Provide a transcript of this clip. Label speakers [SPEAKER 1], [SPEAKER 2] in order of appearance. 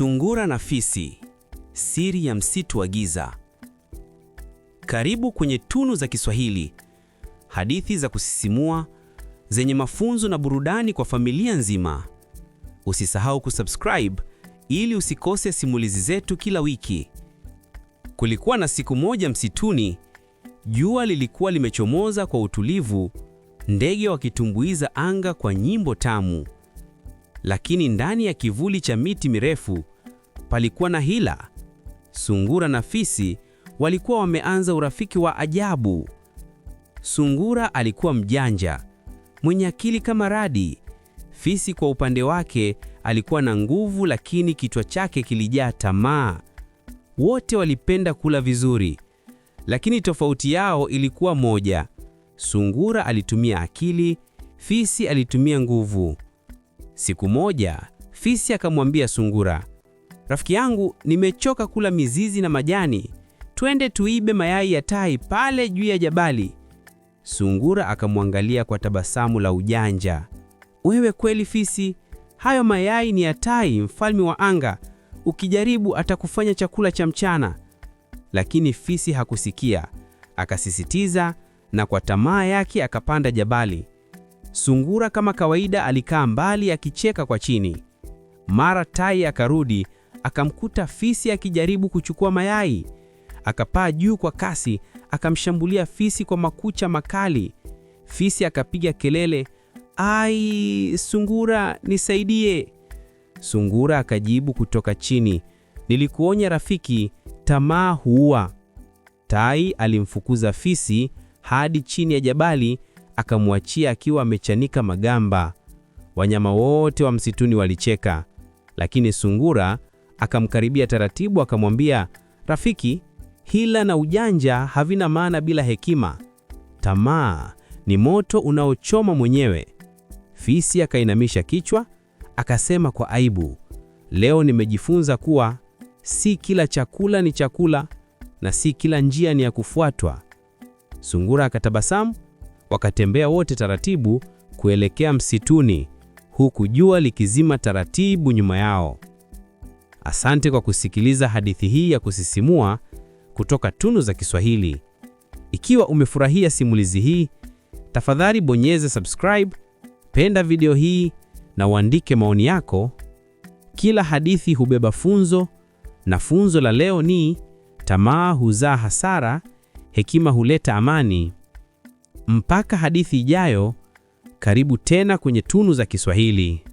[SPEAKER 1] Sungura na Fisi, siri ya msitu wa giza. Karibu kwenye Tunu za Kiswahili, hadithi za kusisimua zenye mafunzo na burudani kwa familia nzima. Usisahau kusubscribe ili usikose simulizi zetu kila wiki. Kulikuwa na siku moja msituni, jua lilikuwa limechomoza kwa utulivu, ndege wakitumbuiza anga kwa nyimbo tamu. Lakini ndani ya kivuli cha miti mirefu palikuwa na hila. Sungura na fisi walikuwa wameanza urafiki wa ajabu. Sungura alikuwa mjanja, mwenye akili kama radi. Fisi kwa upande wake alikuwa na nguvu, lakini kichwa chake kilijaa tamaa. Wote walipenda kula vizuri, lakini tofauti yao ilikuwa moja: sungura alitumia akili, fisi alitumia nguvu. Siku moja, fisi akamwambia sungura,
[SPEAKER 2] Rafiki yangu, nimechoka kula mizizi na majani, twende tuibe mayai ya tai pale juu ya jabali. Sungura akamwangalia kwa tabasamu la ujanja. Wewe kweli fisi, hayo mayai ni ya tai, mfalme wa anga. Ukijaribu atakufanya chakula cha mchana. Lakini fisi hakusikia, akasisitiza na kwa tamaa yake akapanda jabali. Sungura kama kawaida alikaa mbali akicheka kwa chini. Mara tai akarudi akamkuta fisi akijaribu kuchukua mayai. Akapaa juu kwa kasi, akamshambulia fisi kwa makucha makali. Fisi akapiga kelele, ai, sungura nisaidie! Sungura akajibu kutoka chini, nilikuonya rafiki, tamaa huua. Tai alimfukuza fisi hadi chini ya jabali, akamwachia akiwa amechanika magamba. Wanyama wote wa msituni walicheka, lakini sungura Akamkaribia taratibu, akamwambia, rafiki, hila na ujanja havina maana bila hekima. Tamaa ni moto unaochoma mwenyewe. Fisi akainamisha kichwa, akasema kwa aibu, leo nimejifunza kuwa si kila chakula ni chakula na si kila njia ni ya kufuatwa. Sungura akatabasamu, wakatembea wote taratibu kuelekea msituni, huku jua likizima taratibu nyuma yao.
[SPEAKER 1] Asante kwa kusikiliza hadithi hii ya kusisimua kutoka Tunu za Kiswahili. Ikiwa umefurahia simulizi hii, tafadhali bonyeza subscribe, penda video hii na uandike maoni yako. Kila hadithi hubeba funzo, na funzo la leo ni tamaa huzaa hasara, hekima huleta amani. Mpaka hadithi ijayo, karibu tena kwenye Tunu za Kiswahili.